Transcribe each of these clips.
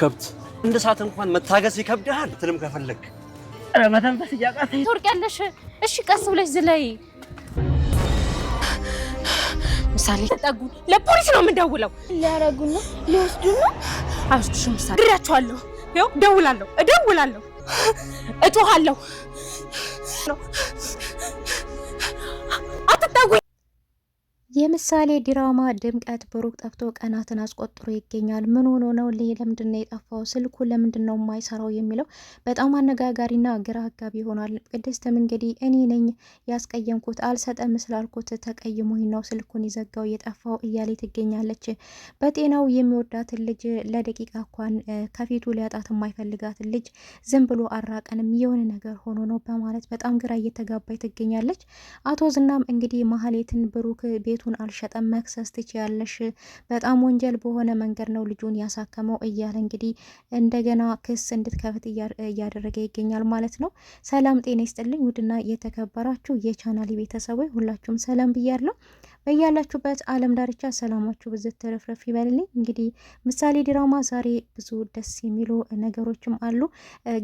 ከብት እንደ ሰዓት እንኳን መታገስ ይከብድሃል። ትልም ከፈለግ ኧረ መተንፈስ እያቃተኝ ትወርቂያለሽ። እሺ ቀስ ብለሽ ዝለይ። ምሳሌ ተጠጉ፣ ለፖሊስ ነው የምንደውለው። ሊያረጉን ነው፣ ሊወስዱን ነው። አብስሽ ምሳሌ ድሪያቸዋለሁ። ይኸው ደውላለሁ፣ እደውላለሁ፣ እጮኋለሁ የምሳሌ ድራማ ድምቀት ብሩክ ጠፍቶ ቀናትን አስቆጥሮ ይገኛል። ምን ሆኖ ነው ልይ ለምንድን ነው የጠፋው? ስልኩ ለምንድን ነው የማይሰራው? የሚለው በጣም አነጋጋሪና ግራ አጋቢ ይሆናል። ቅድስትም እንግዲህ እኔ ነኝ ያስቀየምኩት አልሰጠም ስላልኩት ተቀይሞኝ ነው ስልኩን ይዘጋው የጠፋው እያሌ ትገኛለች። በጤናው የሚወዳትን ልጅ ለደቂቃ እንኳን ከፊቱ ሊያጣት የማይፈልጋትን ልጅ ዝም ብሎ አራቀንም የሆነ ነገር ሆኖ ነው በማለት በጣም ግራ እየተጋባይ ትገኛለች። አቶ ዝናም እንግዲህ ማህሌትን ብሩክ ቤቱን ልጁን አልሸጠም፣ መክሰስ ትችያለሽ፣ በጣም ወንጀል በሆነ መንገድ ነው ልጁን ያሳከመው እያለ እንግዲህ እንደገና ክስ እንድትከፍት እያደረገ ይገኛል ማለት ነው። ሰላም ጤና ይስጥልኝ ውድና የተከበራችሁ የቻናል ቤተሰቦች ሁላችሁም ሰላም ብያለሁ። በያላችሁበት ዓለም ዳርቻ ሰላማችሁ ብዝት ተረፍረፍ ይበልልኝ። እንግዲህ ምሳሌ ድራማ ዛሬ ብዙ ደስ የሚሉ ነገሮችም አሉ፣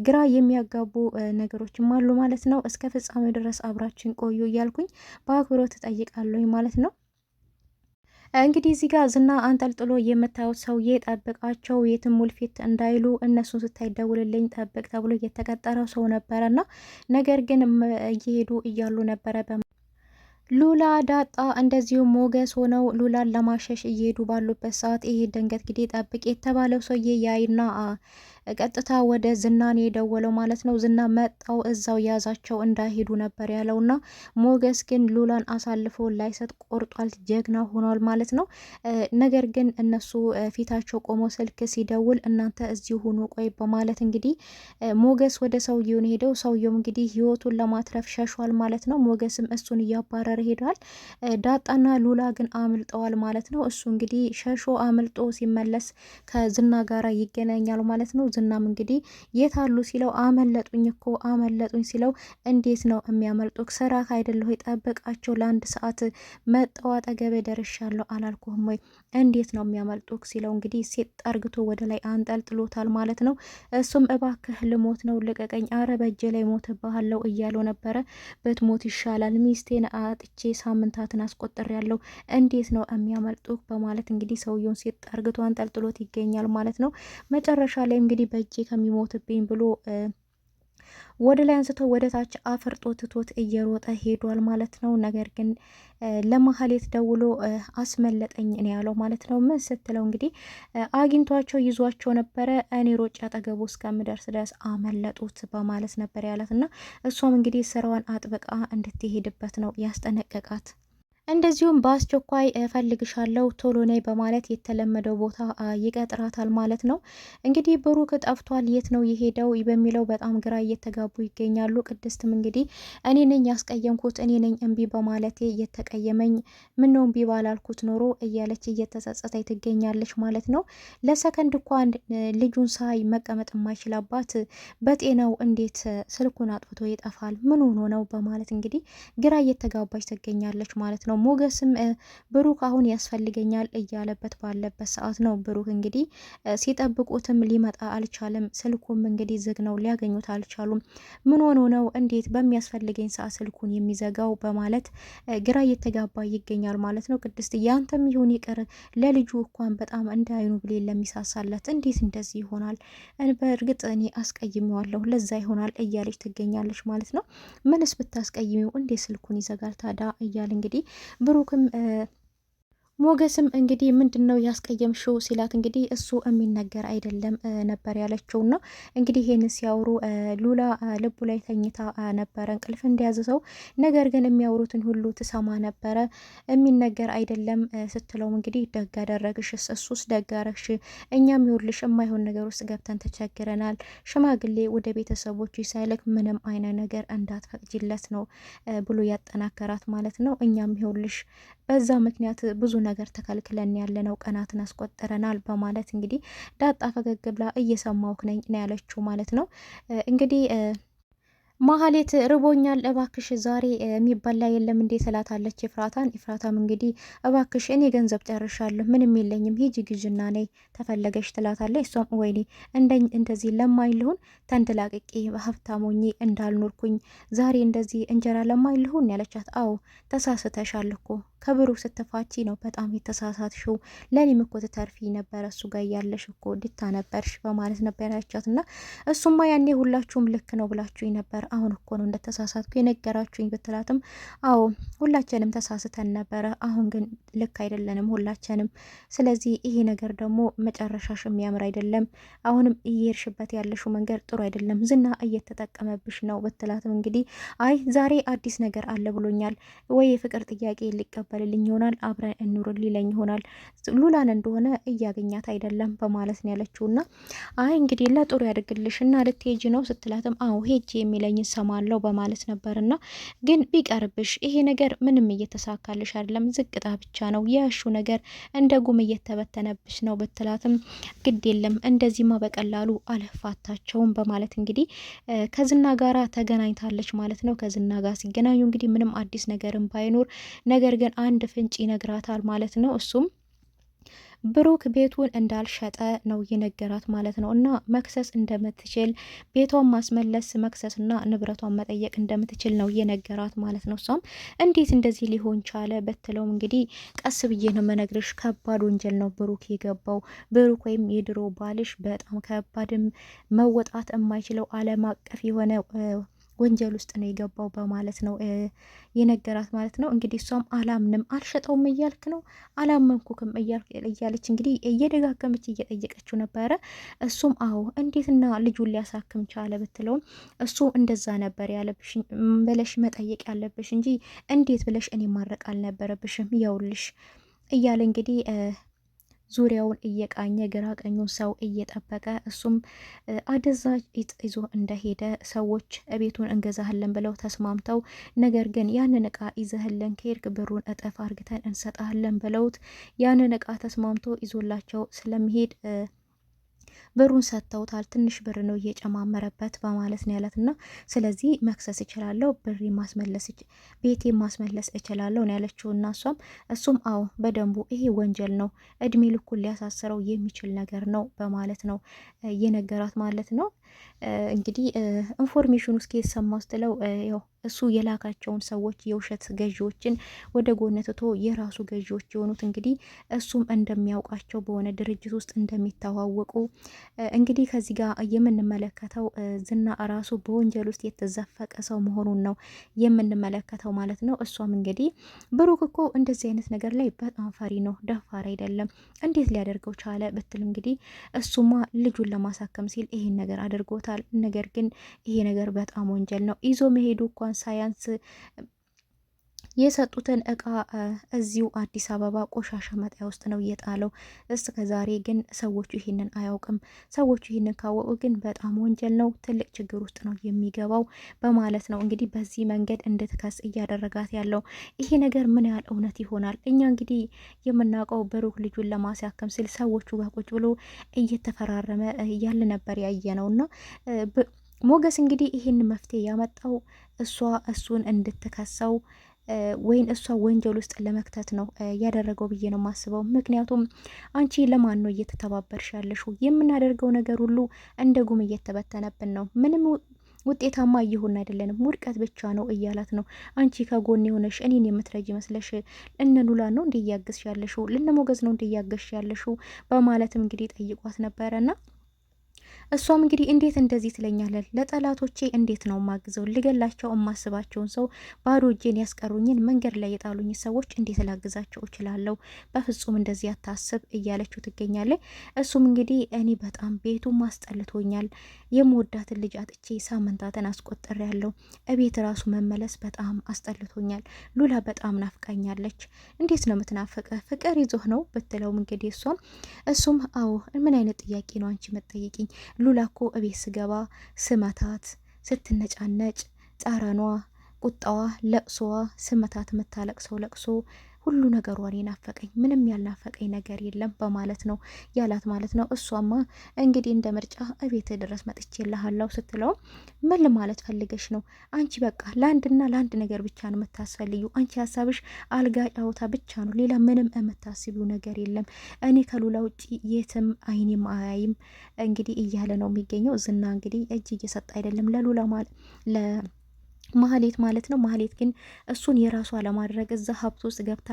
ግራ የሚያጋቡ ነገሮችም አሉ ማለት ነው። እስከ ፍጻሜው ድረስ አብራችን ቆዩ እያልኩኝ በአክብሮት እጠይቃለሁኝ ማለት ነው። እንግዲህ እዚህ ጋር ዝና አንጠልጥሎ የምታዩት ሰውዬ ጠብቃቸው የትም ውልፊት እንዳይሉ እነሱን ስታይደውልልኝ ጠብቅ ተብሎ እየተቀጠረው ሰው ነበረና ነገር ግን እየሄዱ እያሉ ነበረ ሉላ ዳጣ እንደዚሁ ሞገስ ሆነው ሉላን ለማሸሽ እየሄዱ ባሉበት ሰዓት ይሄ ደንገት ጊዜ ጠብቅ የተባለው ሰውዬ ያይና ቀጥታ ወደ ዝናን የደወለው ማለት ነው። ዝና መጣው እዛው ያዛቸው እንዳይሄዱ ነበር ያለው እና ሞገስ ግን ሉላን አሳልፎ ላይሰጥ ቆርጧል። ጀግና ሆኗል ማለት ነው። ነገር ግን እነሱ ፊታቸው ቆሞ ስልክ ሲደውል እናንተ እዚሁ ሁኑ ቆይ በማለት እንግዲህ ሞገስ ወደ ሰውየውን ሄደው ሰውየውም እንግዲህ ህይወቱን ለማትረፍ ሸሿል ማለት ነው። ሞገስም እሱን እያባረረ ሄዷል። ዳጣና ሉላ ግን አምልጠዋል ማለት ነው። እሱ እንግዲህ ሸሾ አምልጦ ሲመለስ ከዝና ጋራ ይገናኛል ማለት ነው። ዝናም እንግዲህ የት አሉ ሲለው አመለጡኝ እኮ አመለጡኝ ሲለው እንዴት ነው የሚያመልጡ ስራህ አይደለሁ ጠብቃቸው ለአንድ ሰዓት መጣሁ አጠገቤ ደርሻለሁ አላልኩህም ወይ? እንዴት ነው የሚያመልጡ ሲለው እንግዲህ ሴት ጠርግቶ ወደ ላይ አንጠልጥሎታል ማለት ነው። እሱም እባክህ ልሞት ነው ልቀቀኝ፣ አረ በእጄ ላይ ሞትብሃለሁ እያለው ነበረ። ብትሞት ይሻላል ሚስቴን አጥቼ ሳምንታትን ያለው እንዴት ነው የሚያመልጡ በማለት እንግዲህ ሰውየውን ሴት ጠርግቶ አንጠልጥሎት ይገኛል ማለት ነው። መጨረሻ ላይ እንግዲህ እንግዲህ በእጄ ከሚሞትብኝ ብሎ ወደ ላይ አንስቶ ወደ ታች አፈርጦ ትቶት እየሮጠ ሄዷል ማለት ነው። ነገር ግን ለማህሌት ደውሎ አስመለጠኝ ነው ያለው ማለት ነው። ምን ስትለው እንግዲህ አግኝቷቸው ይዟቸው ነበረ፣ እኔ ሮጬ አጠገቡ እስከምደርስ ድረስ አመለጡት በማለት ነበር ያላት እና እሷም እንግዲህ ስራዋን አጥብቃ እንድትሄድበት ነው ያስጠነቀቃት። እንደዚሁም በአስቸኳይ እፈልግሻለሁ ቶሎ ነይ በማለት የተለመደው ቦታ ይቀጥራታል ማለት ነው። እንግዲህ ብሩክ ጠፍቷል፣ የት ነው የሄደው በሚለው በጣም ግራ እየተጋቡ ይገኛሉ። ቅድስትም እንግዲህ እኔ ነኝ ያስቀየምኩት፣ እኔ ነኝ እምቢ በማለቴ እየተቀየመኝ ምን ነው እምቢ ባላልኩት ኖሮ እያለች እየተጸጸተች ትገኛለች ማለት ነው። ለሰከንድ እንኳን ልጁን ሳይ መቀመጥ የማይችል አባት በጤናው እንዴት ስልኩን አጥፍቶ ይጠፋል? ምን ሆኖ ነው በማለት እንግዲህ ግራ እየተጋባች ትገኛለች ማለት ነው። ሞገስም ብሩክ አሁን ያስፈልገኛል እያለበት ባለበት ሰዓት ነው ብሩክ እንግዲህ ሲጠብቁትም ሊመጣ አልቻለም። ስልኩም እንግዲህ ዝግ ነው፣ ሊያገኙት አልቻሉም። ምን ሆኖ ነው እንዴት በሚያስፈልገኝ ሰዓት ስልኩን የሚዘጋው በማለት ግራ እየተጋባ ይገኛል ማለት ነው። ቅድስት ያንተም ይሁን ይቅር ለልጁ እንኳን በጣም እንዳይኑ ብሌን ለሚሳሳለት እንዴት እንደዚህ ይሆናል? በእርግጥ እኔ አስቀይሜዋለሁ ለዛ ይሆናል እያለች ትገኛለች ማለት ነው። ምንስ ብታስቀይሚው እንዴት ስልኩን ይዘጋል ታዳ እያል እንግዲህ ብሩክም ሞገስም እንግዲህ ምንድን ነው ያስቀየምሽው ሲላት እንግዲህ እሱ የሚነገር አይደለም ነበር ያለችው። ነው እንግዲህ ይህን ሲያወሩ ሉላ ልቡ ላይ ተኝታ ነበረ እንቅልፍ እንዲያዝ ሰው። ነገር ግን የሚያወሩትን ሁሉ ትሰማ ነበረ። የሚነገር አይደለም ስትለውም እንግዲህ ደግ አደረግሽ እሱስ ደግ አረግሽ፣ እኛም ይኸውልሽ የማይሆን ነገር ውስጥ ገብተን ተቸግረናል። ሽማግሌ ወደ ቤተሰቦች ሳይልክ ምንም አይነ ነገር እንዳትፈቅጅለት ነው ብሎ ያጠናከራት ማለት ነው። እኛም ይኸውልሽ በዛ ምክንያት ብዙ ነገር ተከልክለን ያለነው ቀናትን አስቆጠረናል በማለት እንግዲህ ዳጣ ፈገግ ብላ እየሰማሁህ ነኝ ነው ያለችው ማለት ነው እንግዲህ ማህሌት ርቦኛል፣ እባክሽ ዛሬ የሚበላ የለም እንዴ ትላታለች ኤፍራታን። ኤፍራታም እንግዲህ እባክሽ እኔ ገንዘብ ጨርሻለሁ፣ ምንም የለኝም፣ ሂጂ ግዥና ነይ ተፈለገሽ ትላታለች። እሷም ወይኔ እንደዚህ ለማኝ ልሁን ተንደላቅቄ ሀብታሞኜ እንዳልኖርኩኝ ዛሬ እንደዚህ እንጀራ ለማኝ ልሁን ያለቻት። አዎ ተሳስተሻል እኮ ከብሩክ ስትፋቺ ነው በጣም የተሳሳትሽው። ለኔም እኮ ትተርፊ ነበረ እሱ ጋር እያለሽ እኮ ድታ ነበርሽ በማለት ነበር ያቻት እና እሱማ ያኔ ሁላችሁም ልክ ነው ብላችሁኝ ነበር። አሁን እኮ ነው እንደተሳሳትኩ የነገራችሁኝ ብትላትም፣ አዎ ሁላችንም ተሳስተን ነበረ። አሁን ግን ልክ አይደለንም ሁላችንም። ስለዚህ ይሄ ነገር ደግሞ መጨረሻሽ የሚያምር አይደለም። አሁንም እየሄድሽበት ያለሽው መንገድ ጥሩ አይደለም። ዝና እየተጠቀመብሽ ነው ብትላትም፣ እንግዲህ አይ ዛሬ አዲስ ነገር አለ ብሎኛል ወይ የፍቅር ጥያቄ ሊቀበል ይቀበልልኝ ይሆናል፣ አብረን እንኑር ሊለኝ ይሆናል፣ ሉላን እንደሆነ እያገኛት አይደለም በማለት ነው ያለችው። ና አይ እንግዲህ ለጥሩ ያድርግልሽ እና ልትሄጂ ነው ስትላትም አዎ ሄጂ የሚለኝ ሰማለው በማለት ነበር። ና ግን ቢቀርብሽ ይሄ ነገር ምንም እየተሳካልሽ አይደለም፣ ዝቅጣ ብቻ ነው የእሹ ነገር እንደ ጉም እየተበተነብሽ ነው ብትላትም ግድ የለም እንደዚህማ በቀላሉ አለፋታቸውም በማለት እንግዲህ ከዝና ጋራ ተገናኝታለች ማለት ነው። ከዝና ጋር ሲገናኙ እንግዲህ ምንም አዲስ ነገርም ባይኖር ነገር ግን አንድ ፍንጭ ይነግራታል ማለት ነው። እሱም ብሩክ ቤቱን እንዳልሸጠ ነው የነገራት ማለት ነው። እና መክሰስ እንደምትችል ቤቷን ማስመለስ መክሰስና ንብረቷን መጠየቅ እንደምትችል ነው የነገራት ማለት ነው። እሷም እንዴት እንደዚህ ሊሆን ቻለ በትለውም እንግዲህ ቀስ ብዬ ነው መነግርሽ፣ ከባድ ወንጀል ነው ብሩክ የገባው። ብሩክ ወይም የድሮ ባልሽ በጣም ከባድም መወጣት የማይችለው አለም አቀፍ የሆነ ወንጀል ውስጥ ነው የገባው በማለት ነው የነገራት ማለት ነው። እንግዲህ እሷም አላምንም አልሸጠውም እያልክ ነው አላመንኩክም እያለች እንግዲህ እየደጋገመች እየጠየቀችው ነበረ። እሱም አዎ እንዴትና ልጁን ሊያሳክም ቻለ ብትለውም እሱ እንደዛ ነበር ያለብሽ ብለሽ መጠየቅ ያለብሽ እንጂ እንዴት ብለሽ እኔ ማድረቅ አልነበረብሽም ያውልሽ እያለ እንግዲህ ዙሪያውን እየቃኘ ግራ ቀኙን ሰው እየጠበቀ እሱም አደንዛዥ እጽ ይዞ እንደሄደ ሰዎች ቤቱን እንገዛህለን ብለው ተስማምተው፣ ነገር ግን ያንን እቃ ይዘህለን ከሄድክ ብሩን እጥፍ አርግተን እንሰጣለን ብለውት ያንን እቃ ተስማምቶ ይዞላቸው ስለሚሄድ ብሩን ሰጥተውታል፣ ትንሽ ብር ነው እየጨማመረበት በማለት ነው ያላት እና ስለዚህ መክሰስ እችላለሁ፣ ብር ማስመለስ ቤቴ ማስመለስ እችላለሁ ነው ያለችው እና እሷም እሱም አዎ በደንቡ ይሄ ወንጀል ነው፣ እድሜ ልኩን ሊያሳስረው የሚችል ነገር ነው በማለት ነው እየነገራት ማለት ነው። እንግዲህ ኢንፎርሜሽን እስኪ የተሰማው ስትለው ያው እሱ የላካቸውን ሰዎች የውሸት ገዢዎችን ወደ ጎን ትቶ የራሱ ገዢዎች የሆኑት እንግዲህ እሱም እንደሚያውቃቸው በሆነ ድርጅት ውስጥ እንደሚተዋወቁ እንግዲህ ከዚህ ጋር የምንመለከተው ዝና ራሱ በወንጀል ውስጥ የተዘፈቀ ሰው መሆኑን ነው የምንመለከተው ማለት ነው። እሷም እንግዲህ ብሩክ እኮ እንደዚህ አይነት ነገር ላይ በጣም ፈሪ ነው፣ ደፋር አይደለም፣ እንዴት ሊያደርገው ቻለ ብትል እንግዲህ እሱማ ልጁን ለማሳከም ሲል ይሄን ነገር አድርገው አድርጎታል። ነገር ግን ይሄ ነገር በጣም ወንጀል ነው። ይዞ መሄዱ እንኳን ሳያንስ የሰጡትን እቃ እዚሁ አዲስ አበባ ቆሻሻ መጣያ ውስጥ ነው እየጣለው። እስከ ዛሬ ግን ሰዎቹ ይህንን አያውቅም። ሰዎቹ ይህንን ካወቁ ግን በጣም ወንጀል ነው፣ ትልቅ ችግር ውስጥ ነው የሚገባው በማለት ነው እንግዲህ በዚህ መንገድ እንድትከስ እያደረጋት ያለው። ይሄ ነገር ምን ያህል እውነት ይሆናል? እኛ እንግዲህ የምናውቀው ብሩክ ልጁን ለማስያከም ሲል ሰዎቹ ጋር ቁጭ ብሎ እየተፈራረመ እያለ ነበር ያየ ነው እና ሞገስ እንግዲህ ይህን መፍትሄ ያመጣው እሷ እሱን እንድትከሰው ወይን እሷ ወንጀል ውስጥ ለመክተት ነው ያደረገው ብዬ ነው የማስበው። ምክንያቱም አንቺ ለማን ነው እየተተባበርሽ ያለሽ? የምናደርገው ነገር ሁሉ እንደ ጉም እየተበተነብን ነው። ምንም ውጤታማ እየሆን አይደለንም፣ ውድቀት ብቻ ነው እያላት ነው። አንቺ ከጎን የሆነሽ እኔን የምትረጅ ይመስለሽ? እነ ሉላ ነው እንዲያገዝሽ ያለሽው? ልነሞገዝ ነው እንዲያገዝሽ ያለሽው? በማለትም እንግዲህ ጠይቋት ነበረና እሷም እንግዲህ እንዴት እንደዚህ ትለኛለን? ለጠላቶቼ እንዴት ነው ማግዘው? ልገላቸው የማስባቸውን ሰው ባዶ እጄን ያስቀሩኝን መንገድ ላይ የጣሉኝ ሰዎች እንዴት ላግዛቸው እችላለሁ? በፍጹም እንደዚህ አታስብ እያለችው ትገኛለች። እሱም እንግዲህ እኔ በጣም ቤቱ ማስጠልቶኛል፣ የምወዳትን ልጅ አጥቼ ሳምንታትን አስቆጠር ያለው እቤት ራሱ መመለስ በጣም አስጠልቶኛል። ሉላ በጣም ናፍቃኛለች። እንዴት ነው የምትናፍቀ? ፍቅር ይዞህ ነው ብትለውም እንግዲህ እሷም እሱም አዎ ምን አይነት ጥያቄ ነው አንቺ መጠየቅኝ ሉላኮ እቤት ስገባ ስመታት ስትነጫነጭ ጠረኗ ቁጣዋ ለቅሶዋ ስመታት የምታለቅሰው ለቅሶ ሁሉ ነገሯን የናፈቀኝ ምንም ያልናፈቀኝ ነገር የለም በማለት ነው ያላት ማለት ነው። እሷማ እንግዲህ እንደ ምርጫ እቤት ድረስ መጥቼ ልሃለው ስትለው ምን ማለት ፈልገሽ ነው አንቺ? በቃ ለአንድና ለአንድ ነገር ብቻ ነው የምታስፈልዩ። አንቺ ሀሳብሽ አልጋ ጫወታ ብቻ ነው፣ ሌላ ምንም የምታስቢው ነገር የለም። እኔ ከሉላ ውጭ የትም አይኔም አያይም እንግዲህ እያለ ነው የሚገኘው። ዝና እንግዲህ እጅ እየሰጠ አይደለም ለሉላ ማለት ማህሌት ማለት ነው። ማህሌት ግን እሱን የራሷ ለማድረግ እዛ ሀብት ውስጥ ገብታ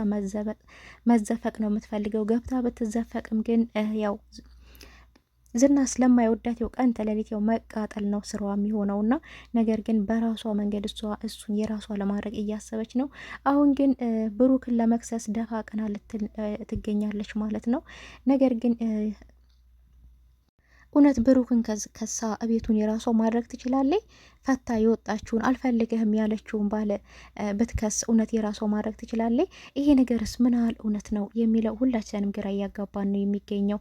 መዘፈቅ ነው የምትፈልገው። ገብታ ብትዘፈቅም ግን ያው ዝና ስለማይወዳት ያው ቀን ተሌሊት ያው መቃጠል ነው ስራዋ እና ነገር ግን በራሷ መንገድ እሷ እሱን የራሷ ለማድረግ እያሰበች ነው። አሁን ግን ብሩክን ለመክሰስ ደፋ ቀና ትገኛለች ማለት ነው። ነገር ግን እውነት ብሩክን ከሳ እቤቱን የራሷ ማድረግ ትችላለች? ፈታ የወጣችውን አልፈልግህም ያለችውን ባለ ብትከስ እውነት የራሷ ማድረግ ትችላለች? ይሄ ነገርስ ምን ያህል እውነት ነው የሚለው ሁላችንም ግራ እያጋባን ነው የሚገኘው።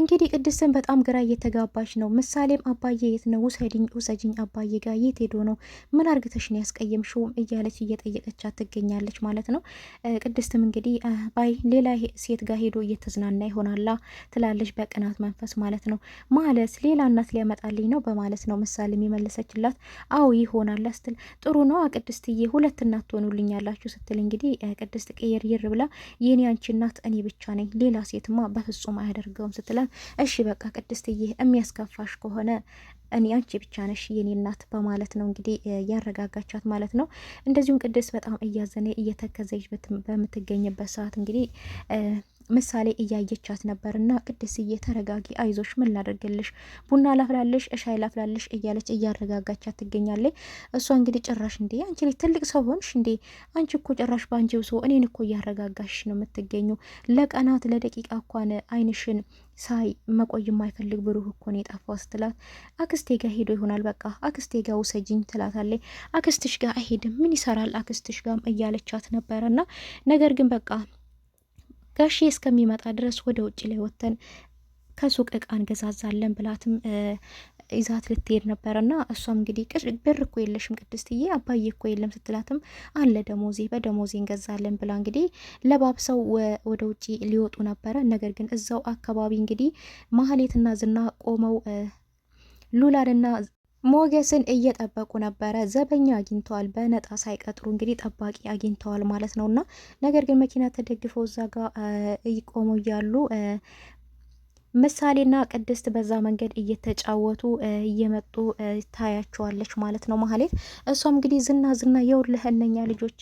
እንግዲህ ቅድስትን በጣም ግራ እየተጋባች ነው። ምሳሌም አባዬ የት ነው? ውሰድኝ ውሰጅኝ አባዬ ጋር የት ሄዶ ነው? ምን አርግተሽ ነው ያስቀየምሽው? እያለች እየጠየቀቻት ትገኛለች ማለት ነው። ቅድስትም እንግዲህ ባይ ሌላ ሴት ጋር ሄዶ እየተዝናና ይሆናላ ትላለች በቅናት መንፈስ ማለት ነው። ማለት ሌላ እናት ሊያመጣልኝ ነው በማለት ነው ምሳሌ የሚመለሰችላት። አዎ ይሆናል ስትል ጥሩ ነዋ ቅድስትዬ፣ ሁለት እናት ትሆኑልኝ ያላችሁ ስትል እንግዲህ ቅድስት ቅይር ይር ብላ የኔ አንቺ እናት እኔ ብቻ ነኝ፣ ሌላ ሴትማ በፍጹም አያደርገውም ስትላል እሺ በቃ ቅድስትዬ የሚያስከፋሽ ከሆነ እኔ አንቺ ብቻ ነሽ የኔ እናት በማለት ነው እንግዲህ ያረጋጋቻት ማለት ነው። እንደዚሁም ቅድስት በጣም እያዘነ እየተከዘች በምትገኝበት ሰዓት እንግዲህ ምሳሌ እያየቻት ነበር እና ቅድስትዬ ተረጋጊ፣ አይዞሽ፣ ምን ላደርግልሽ፣ ቡና ላፍላልሽ፣ እሻይ ላፍላልሽ እያለች እያረጋጋቻት ትገኛለች። እሷ እንግዲህ ጭራሽ እንዴ አንቺ ላይ ትልቅ ሰው ሆንሽ እንዴ? አንቺ እኮ ጭራሽ በአንቺ ብሶ እኔን እኮ እያረጋጋሽ ነው የምትገኙ ለቀናት ለደቂቃ እንኳን አይንሽን ሳይ መቆይ የማይፈልግ ብሩህ እኮ ነው የጠፋው ስትላት አክስቴ ጋር ሄዶ ይሆናል በቃ አክስቴ ጋር ውሰጅኝ ትላታለች። አክስትሽ ጋር አይሄድም ምን ይሰራል አክስትሽ ጋም እያለቻት ነበረና ነገር ግን በቃ ጋሼ እስከሚመጣ ድረስ ወደ ውጭ ላይ ወጥተን ከሱቅ እቃ እንገዛዛለን ብላትም ይዛት ልትሄድ ነበረ እና እሷም እንግዲህ ብር እኮ የለሽም ቅድስትዬ፣ አባዬ እኮ የለም ስትላትም አለ ደሞዜ በደሞዜ እንገዛለን ብላ እንግዲህ ለባብሰው ወደ ውጭ ሊወጡ ነበረ። ነገር ግን እዛው አካባቢ እንግዲህ ማህሌትና ዝና ቆመው ሉላንና ሞገስን እየጠበቁ ነበረ። ዘበኛ አግኝተዋል። በነጣ ሳይቀጥሩ እንግዲህ ጠባቂ አግኝተዋል ማለት ነው እና ነገር ግን መኪና ተደግፈው እዛ ቆመው እያሉ ምሳሌና ቅድስት በዛ መንገድ እየተጫወቱ እየመጡ ታያቸዋለች ማለት ነው ማህሌት። እሷም እንግዲህ ዝና ዝና የውልህ እነኛ ልጆች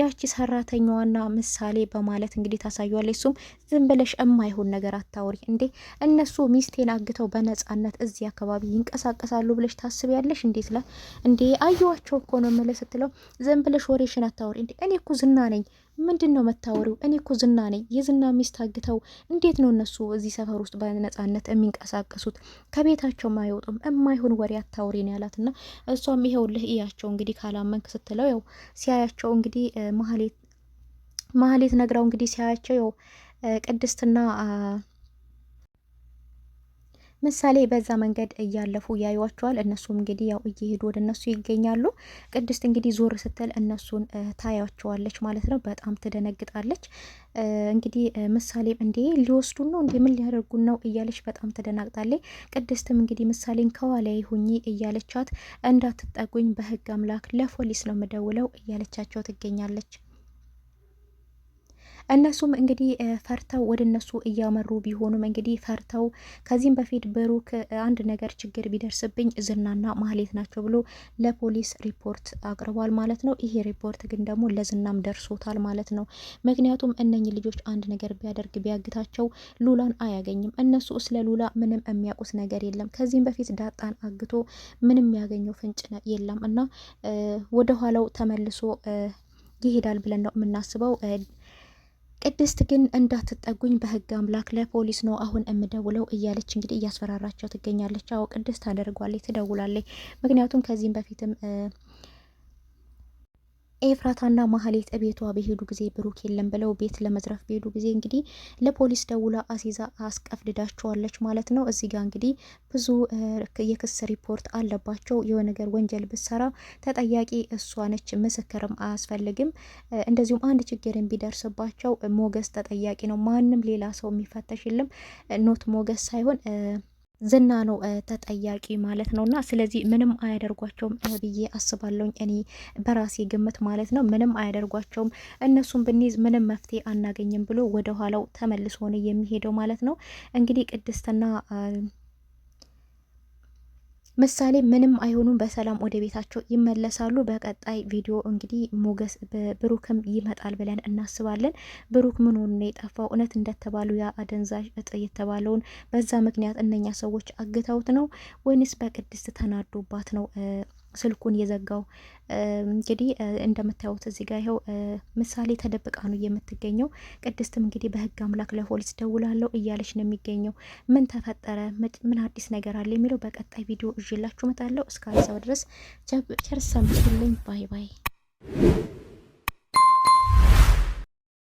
ያቺ ሰራተኛዋና ምሳሌ በማለት እንግዲህ ታሳያለች። እሱም ዝም ብለሽ የማይሆን ነገር አታውሪ እንዴ! እነሱ ሚስቴን አግተው በነጻነት እዚህ አካባቢ ይንቀሳቀሳሉ ብለሽ ታስቢያለሽ እንዴ? ስላት እንዴ አየዋቸው እኮ ነው የምልህ ስትለው ዝም ብለሽ ወሬሽን አታውሪ እንዴ! እኔ እኮ ዝና ነኝ ምንድን ነው መታወሪው? እኔ እኮ ዝና ነኝ። የዝና ሚስት አግተው እንዴት ነው እነሱ እዚህ ሰፈር ውስጥ በነጻነት የሚንቀሳቀሱት? ከቤታቸውም አይወጡም። የማይሆን ወሬ አታውሪ ነው ያላትና እሷም ይኸውልህ እያቸው እንግዲህ ካላመንክ ስትለው ያው ሲያያቸው እንግዲህ መሀሌት መሀሌት ነግራው እንግዲህ ሲያያቸው ያው ቅድስትና ምሳሌ በዛ መንገድ እያለፉ ያዩቸዋል እነሱም እንግዲህ ያው እየሄዱ ወደ እነሱ ይገኛሉ። ቅድስት እንግዲህ ዞር ስትል እነሱን ታያቸዋለች ማለት ነው። በጣም ትደነግጣለች። እንግዲህ ምሳሌም እንዴ ሊወስዱ ነው እንዴ ምን ሊያደርጉን ነው እያለች በጣም ትደናግጣለች። ቅድስትም እንግዲህ ምሳሌን ከኋላዬ ሁኚ እያለቻት እንዳትጠጉኝ በህግ አምላክ ለፖሊስ ነው የምደውለው እያለቻቸው ትገኛለች። እነሱም እንግዲህ ፈርተው ወደ እነሱ እያመሩ ቢሆኑም እንግዲህ ፈርተው ከዚህም በፊት ብሩክ አንድ ነገር ችግር ቢደርስብኝ ዝናና ማህሌት ናቸው ብሎ ለፖሊስ ሪፖርት አቅርቧል ማለት ነው። ይሄ ሪፖርት ግን ደግሞ ለዝናም ደርሶታል ማለት ነው። ምክንያቱም እነኚህ ልጆች አንድ ነገር ቢያደርግ ቢያግታቸው ሉላን አያገኝም። እነሱ ስለ ሉላ ምንም የሚያውቁት ነገር የለም። ከዚህም በፊት ዳጣን አግቶ ምንም ያገኘው ፍንጭ የለም እና ወደኋላው ተመልሶ ይሄዳል ብለን ነው የምናስበው። ቅድስት ግን እንዳትጠጉኝ በህግ አምላክ ለፖሊስ ነው አሁን እምደውለው እያለች እንግዲህ እያስፈራራቸው ትገኛለች። አዎ ቅድስት ታደርጓለች፣ ትደውላለች። ምክንያቱም ከዚህም በፊትም ኤፍራታና ማህሌት ቤቷ በሄዱ ጊዜ ብሩክ የለም ብለው ቤት ለመዝረፍ በሄዱ ጊዜ እንግዲህ ለፖሊስ ደውላ አሲዛ አስቀፍድዳቸዋለች ማለት ነው። እዚህ ጋር እንግዲህ ብዙ የክስ ሪፖርት አለባቸው። የሆነ ነገር ወንጀል ብሰራ ተጠያቂ እሷ ነች፣ ምስክርም አያስፈልግም። እንደዚሁም አንድ ችግር ቢደርስባቸው ሞገስ ተጠያቂ ነው፣ ማንም ሌላ ሰው የሚፈተሽ የለም ኖት ሞገስ ሳይሆን ዝና ነው ተጠያቂ ማለት ነው። እና ስለዚህ ምንም አያደርጓቸውም ብዬ አስባለሁኝ እኔ በራሴ ግምት ማለት ነው። ምንም አያደርጓቸውም እነሱን ብንይዝ ምንም መፍትሄ አናገኝም ብሎ ወደኋላው ተመልሶ ነው የሚሄደው ማለት ነው። እንግዲህ ቅድስትና ምሳሌ ምንም አይሆኑም፣ በሰላም ወደ ቤታቸው ይመለሳሉ። በቀጣይ ቪዲዮ እንግዲህ ሞገስ ብሩክም ይመጣል ብለን እናስባለን። ብሩክ ምን ሆኖ የጠፋው? እውነት እንደተባሉ ያ አደንዛዥ እጥ የተባለውን በዛ ምክንያት እነኛ ሰዎች አግተውት ነው ወይንስ በቅድስት ተናዶባት ነው? ስልኩን የዘጋው። እንግዲህ እንደምታዩት እዚህ ጋር ይኸው ምሳሌ ተደብቃ ነው የምትገኘው። ቅድስትም እንግዲህ በህግ አምላክ ለፖሊስ ደውላለሁ እያለች ነው የሚገኘው። ምን ተፈጠረ? ምን አዲስ ነገር አለ? የሚለው በቀጣይ ቪዲዮ እዥላችሁ እመጣለሁ። እስከ ድረስ ቸር ሰንብቱልኝ። ባይ ባይ።